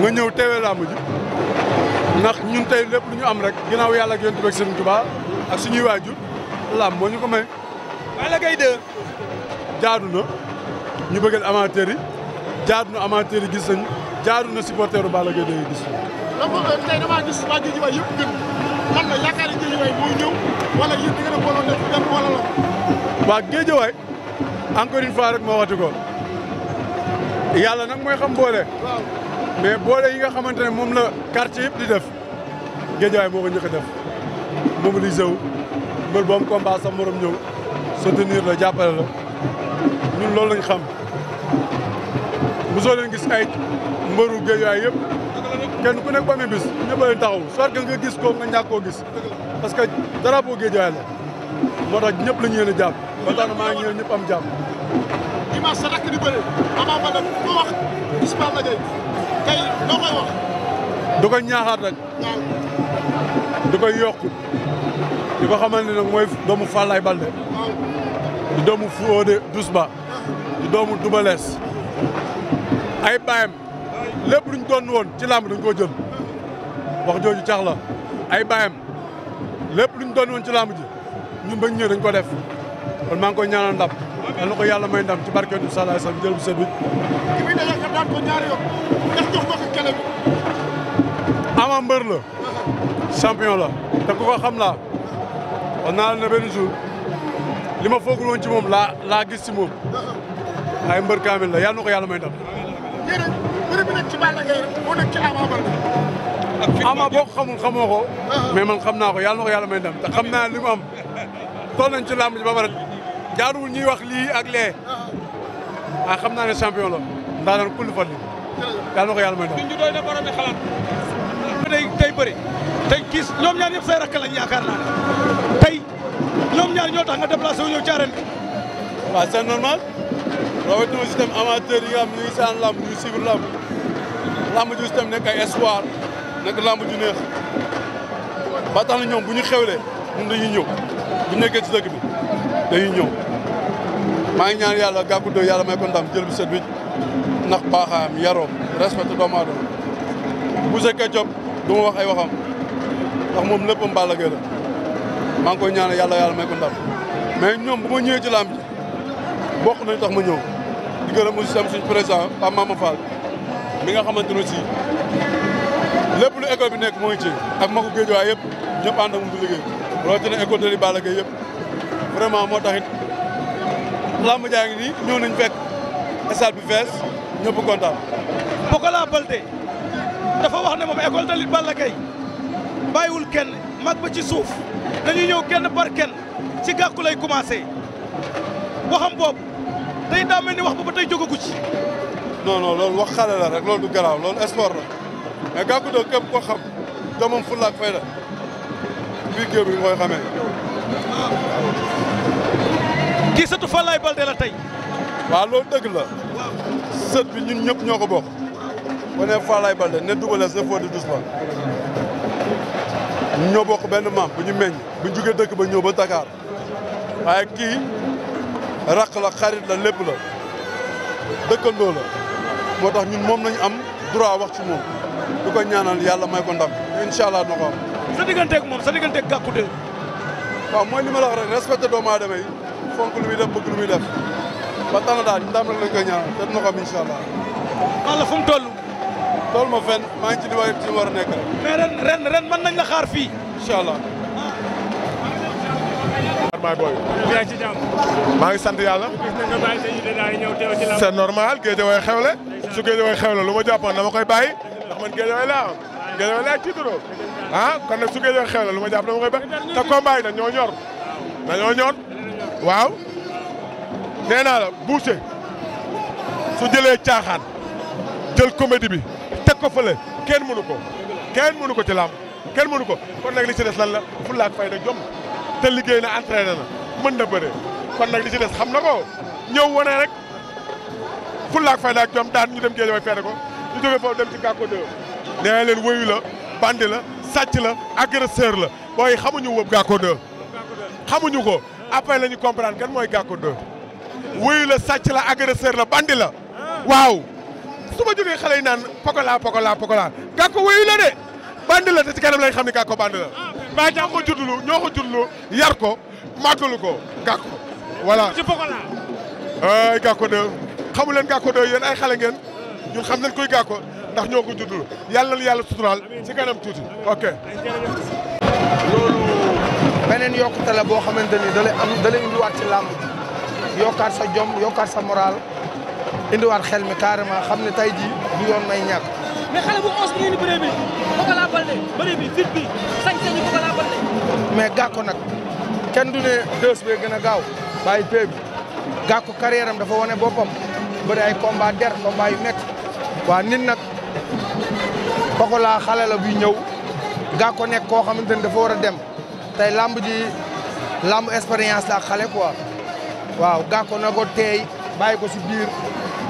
nga ñëw teewee làmb ndax ñun tey lépp lu ñu am rek ginnaaw yàlla ak yonent bi ak Sëriñ ak suñuy waajur làmb moo ñu ko may. Balla Gaye 2 jaadu na ñu bëggal amateur yi jaadu na amateur yi gis nañu jaadu na supporteru Balla Gaye 2 yi gis nañu. donc tey la yaakaar ni Guédiawaye mooy ñëw wala yéen di ngeen a booloo def gan wala la. waa Guédiawaye encore une fois rek ma waxati ko yàlla nag mooy xam boole. mais boole yi nga xamante ne moom la quartier yëpp di def Guédiawaye moo ko njëkk a def mobilisé wu mbër bu am combat sa morom ñëw soutenir la jàppale la ñun loolu lañ xam mosoo leen gis ay mbëru Guédiawaye yëpp kenn ku nekk ba muy bis ñëpp leen taxaw soit que gis ko nga ñàkk koo gis parce que drapeau Guédiawaye la moo tax ñëpp la ñu yéen a jàpp na maa ngi ñëpp am jàpp. dimanche sa rakk di bëre Ama Baldé ko wax gis Balla tey loo koy wax. du ko ñaaxaat rek. du koy yokk di ko xamante nag mooy doomu fal Balde. di doomu Fodé Doussba. di doomu Dubalees. ay baayam lépp luñ doon woon ci làmb dañ koo jël wax jooju cax ay baayam lépp luñ doon woon ci làmb ji ñun bañ dañ ko def kon maa ngi koy ñaanal ndam. yal na ko yàlla may ndam ci barke du Salaay Sam jël bu set ama mbër la. champion la te ko xam naa la ne benn jour li ma foogul woon ci moom laa laa gis ci moom. ay mbër kaamil la yal na ko yàlla may ndam. a mbër bi nekk moo Ama Baldé. ama boo ko xamul xamoo ko. Ah. mais man xam naa ko yàlla na ko yàlla may ndam te xam naa li mu am toll nañ ci làmb jaaduwul ñuy wax lii ak lee ah. ah xam naa ne champion la ndaa daan kulli fan yàlla na ko yàlla may doon. ñu doy na borom xalaat tey tey bëri tey gis ñoom ñaar tey ñoom ñaar ñoo tax nga déplacé wu ñëw ci arène bi. waaw c'est normal rawatina aussi yi nga xam ñu ngi saan lamb ñu ngi suivre lamb lamb ji espoir nekk lamb ju neex ba ñoom bu ñu xewlee ñun dañuy ñëw bu ñu nekkee ci dëkk bi ñëw. maa ngi ñaan yàlla Gackou 2 yàlla may ko ndam jël bu set bi ndax baaxaayam yaroom respecté doomu aadama Boucher Ketchup du ma wax ay waxam ndax moom lépp Balla Gaye maa ngi koy ñaanal yàlla yàlla may ko mais ñoom bu ma ñëwee ci làmb ji bokk nañu tax ma ñëw di gërëm aussi sama suñu président Pape Mama Fall mi nga xamante ne aussi lépp lu école bi nekk moo ci ak ma ko géej waay yëpp ñëpp ànd ak moom di liggéey loolu ci ne yëpp vraiment moo taxit làmb jaa ngi nii ñëw nañ fekk stade bi fees ñëpp kontaan. Pokola Baldé dafa wax ne moom école de lutte Balla bàyyiwul kenn mag ba ci suuf dañuy ñëw kenn par kenn ci gàkku lay commencé waxam boobu tey daa mel ni wax boobu tey jógagu ci. non non loolu wax xale la rek loolu du garaaw loolu sport la mais gàkku doo ko xam te moom fulla ak la bi nga koy xamee. Ah. kii sëtu Falaye Baldé la tey. waaw loolu dëgg la. sët bi ñun ñëpp ñoo ko bokk. bu ne Falaye Baldé ne Double Less ne Fodé Doucoumane. ñun ñoo bokk benn maam bu ñu meññ bu ñu jugee dëkk ba ñëw ba Dakar waaye kii rakk la xarit la lépp la dëkkandoo la moo tax ñun moom lañu am droit wax ci moom du ko ñaanal yàlla may ko ndam incha allah na ko am. sa digganteeg moom sa digganteeg gàkku de. waaw mooy li ma la wax doomu aadama yi. fonk lu muy def bëgg lu muy def ba tax na daal ñu ndam rek lañ koy ñaanal te dina ko am incha allah. fu mu toll. toll ma fenn maa ngi ci li ci war a nekk rek. mais nañ la xaar fii. incha allah. maa ngi ci jàmm. maa ngi sant yàlla. c'est normal géej way xewle. su géej way xewle lu ma jàppoon dama koy bàyyi dax man géej way laa am géej way laa tiitaroo ah kon nag su géej way xewle lu ma jàpp dama koy bàyyi te combat yi dañoo ñor dañoo ñor. waaw nee naa la buuse su jëlee caaxaan jël comédie bi teg ko fële kenn mënu ko kenn mënu ko ci làmb kenn mënu ko kon nag li ci des lan la fulla ak fayda jom te liggéey na entraîné na mën na bëre kon nag li ci des xam na ko ñëw wane rek fulla ak fayda ak jom daan ñu dem géej way feete ko ñu jógee foofu dem ci gàkko de nee leen wéyu la bandi la sàcc la agresseur la booy xamuñu wëb gàkko de xamuñu ko après la ñu comprendre kan mooy Gàkku 2 wuyu la sàcc la agresseur la bandi la waaw su ma jógee xale yi naan pokola pokola pokola Gàkku wuyu la de bandi la te ci kanam lañ xam ne Gàkku bandi la ah, mais ñoo ko juddlu ñoo ko juddlu yar ko màggalu ko Gàkku voilà ci pokola ay Gàkku 2 xamu leen Gàkku 2 ay xale ngeen ñun xam nañ koy Gàkku ndax ñoo ko juddlu yàlla na yàlla suturaal ci kanam tuuti ok beneen yokkute la boo xamante ni da lay am da lay indiwaat ci làmb yokkaat sa jom yokkaat sa moral indiwaat xel mi carrément xam ne tey jii du yoon may ñàkk. mais xale bu os bi ngeen di bëree bi Pokola fit bi sañ sañu Pokola Baldé mais gàkko nag kenn du ne deux gën a gaaw bàyyi pee bi gàkko dafa wane boppam bëri ay combat der combat yu métti waa nit nag Pokola xale la buy ñëw gàkko nekk koo xamante ni dafa war a dem. tey lamb ji lamb expérience la ak xale quoi waaw gàkko na ko teey bàyyi ko si biir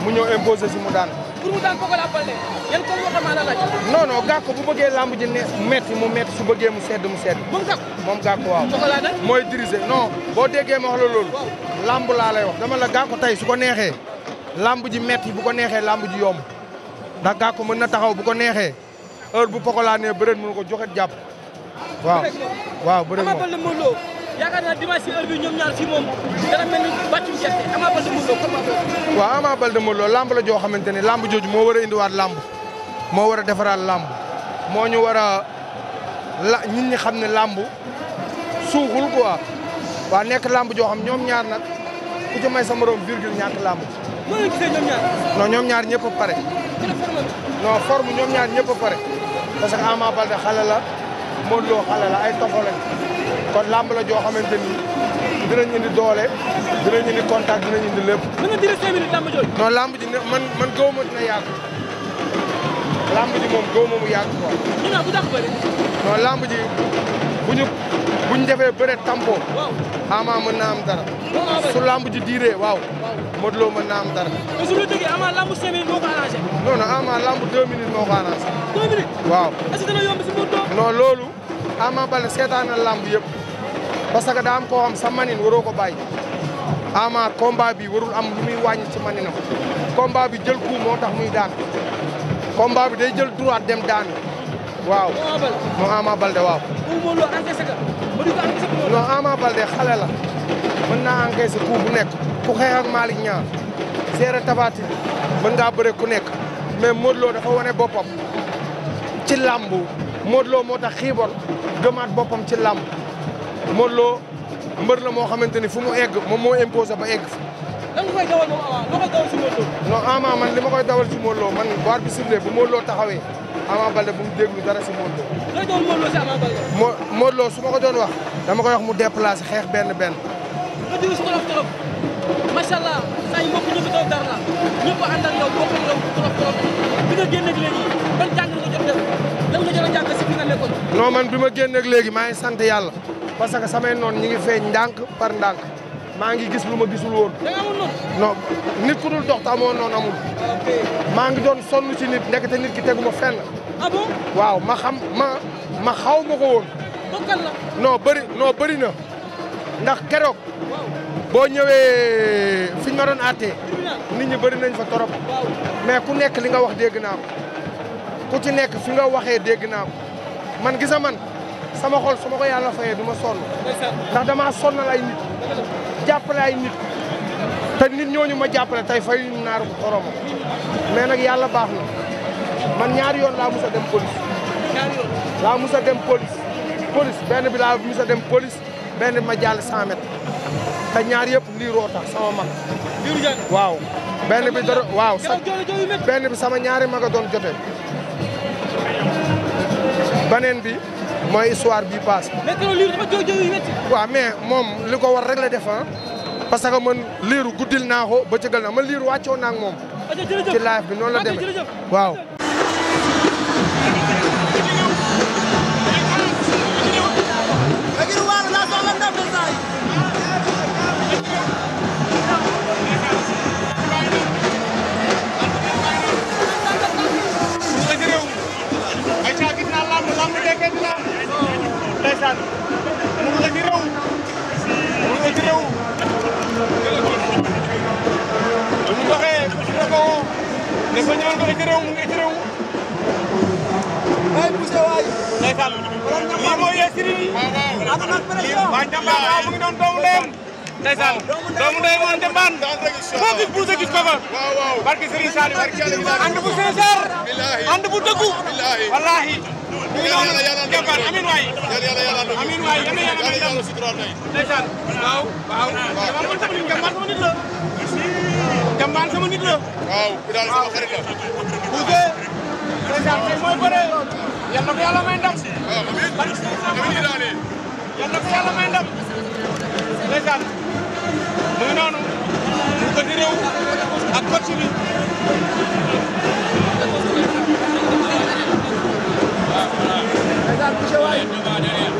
mu ñëw imposé si mu daan. pour mu ko waxamaana laaj. lamb ji ne metti mu metti su bëggee mu sedd mu sedd. moom gàkko moom gàkko waaw. mooy diriger non boo déggee ma wax lamb laa lay wax dama la gàkko tey su ko neexee lamb ji metti bu ko neexee lamb ji yomb ndax gàkko mën na taxaw bu ko neexee heure bu Pokola nee bëreet mënu ko joxe jàpp. waaw waaw bëri moom Ama Baldé Modou naa dimanche si heure ñoom ñaar fii moom dana mel ni bàccum gerte Ama Baldé Modou Lô comment. waaw la joo xamante ne lamb jooju moo war a indiwaat lamb moo war a defaraat lamb moo ñu war a la nit ñi xam ne lamb suuxul quoi waa nekk lamb joo xam ñoom ñaar nag ku may sa morom virgule ñàkk lamb. ñoom ñaar. non ñoom ñaar pare. non forme ñoom ñaar ñëpp pare parce que Ama Baldé Modou Lo xale ay toxo kon làmb joo xamante ni dinañ indi doole dinañ indi contact lépp. mën nga dire làmb jooju. ji man man gaw ma dina ji moom gaw mu yàgg quoi. non bu tax bëri. ji. bu ñu bu ñu bëre tampon ama mën na am dara su lamb ji diiree waaw Modou Lo mën naa am dara. mais ama lamb cinq minutes moo ko arrangé. ama lamb deux minutes moo ko waaw. non loolu ama bala seetaan na lamb yëpp parce que daa am koo xam sa manin waroo ko bàyyi ama combat bi warul am lu muy wàññi ci maninam bi jël coup moo tax muy daan combat bi day jël droit dem daan waaw. moo ama balde waaw. ou Modou Lo encaissé ka ba du ko encaissé bu nekk ku xeex ak Malick Niang seere tabaati mën ngaa bëre ku nekk mais Modou Lo dafa wane boppam ci làmb Modou Lo moo tax xiibor gëmaat ci làmb Modou Lo mbër moo xamante ni fu mu egg moom moo imposé ba egg fa lan nga koy dawal moom Ama loo koy dawal si Modou Lo non man li ma koy dawal si Modou Lo man waar bi siflee bu Modou Lo taxawee Ama Baldé bu mu déglu dara si Modou moo Modou suma ko doon wax dama koy wax mu déplacé xeex benn benn. nga diis trop trop macha allah saa ñu fi toog dara la ñëpp a ànd ak yow bokk man bi ma génn ak léegi maa ngi sant yàlla parce que samay noon ñi ngi feeñ ndànk par ndànk maa ngi gis lu ma gisul woon. da nit ku dul dox te amoon noonu ah, maa ngi doon sonn ci nit ndekete nit ki teguma fenn. Ah waaw ma xam ma ma xaw ma ko woon. bëri non bëri na ndax keroog. boo ñëwee fi ñu ma doon àttee. nit ñi bëri nañ fa torop. mais ku nekk li nga wax dégg naa ko ku ci nekk fi nga waxee dégg naa ko man gisa man sama xol su ma ko yàlla fayee du ma sonn. ndax damaa sonnal ay nit. jàppale ay nit. te nit ñooñu ma jàppale tey fay naaru ko toromam mais nag yàlla baax na. man ñaari yoon laa musa dem police. ñaari laa musa dem police. police benn bi laa musa dem police benn bi ma jàll 100 mètres ñaar yëpp liiroo tax sama mag. waaw benn bi dara waaw sa benn bi sama ñaari mag a doon jote beneen bi mooy histoire bi paas. waaw mais moom li ko war rek la def ah. parce que man liiru guddil naa ko ba cëgal na ma liiru wàccoo naa ak moom. ci bi noonu la demee waaw. Sall lii mooy yee sëriñ yi waaye Njambaan waaw mu ngi doon doomu ndeyam ndeysaan doomu ndeyam woon Njambaan foo gis buuse gis ko fa barke Sëriñ Sall ànd bu sincère ànd bu dëggu wallaahi ñu ngi noonu Njambaan amiin waay amiin waay yal na yàlla may ndam ndeysaan waaw waaw man sama nit Njambaan sama nit la Njambaan sama nit la waaw buuse ndeysaan tey mooy bëre yal na ko yàlla may ndam. waaw amiin amiin daal yal na ko yàlla may ndam. ndeysaan mu ngi noonu mu ko di réew ak coach bi. waaw voilà.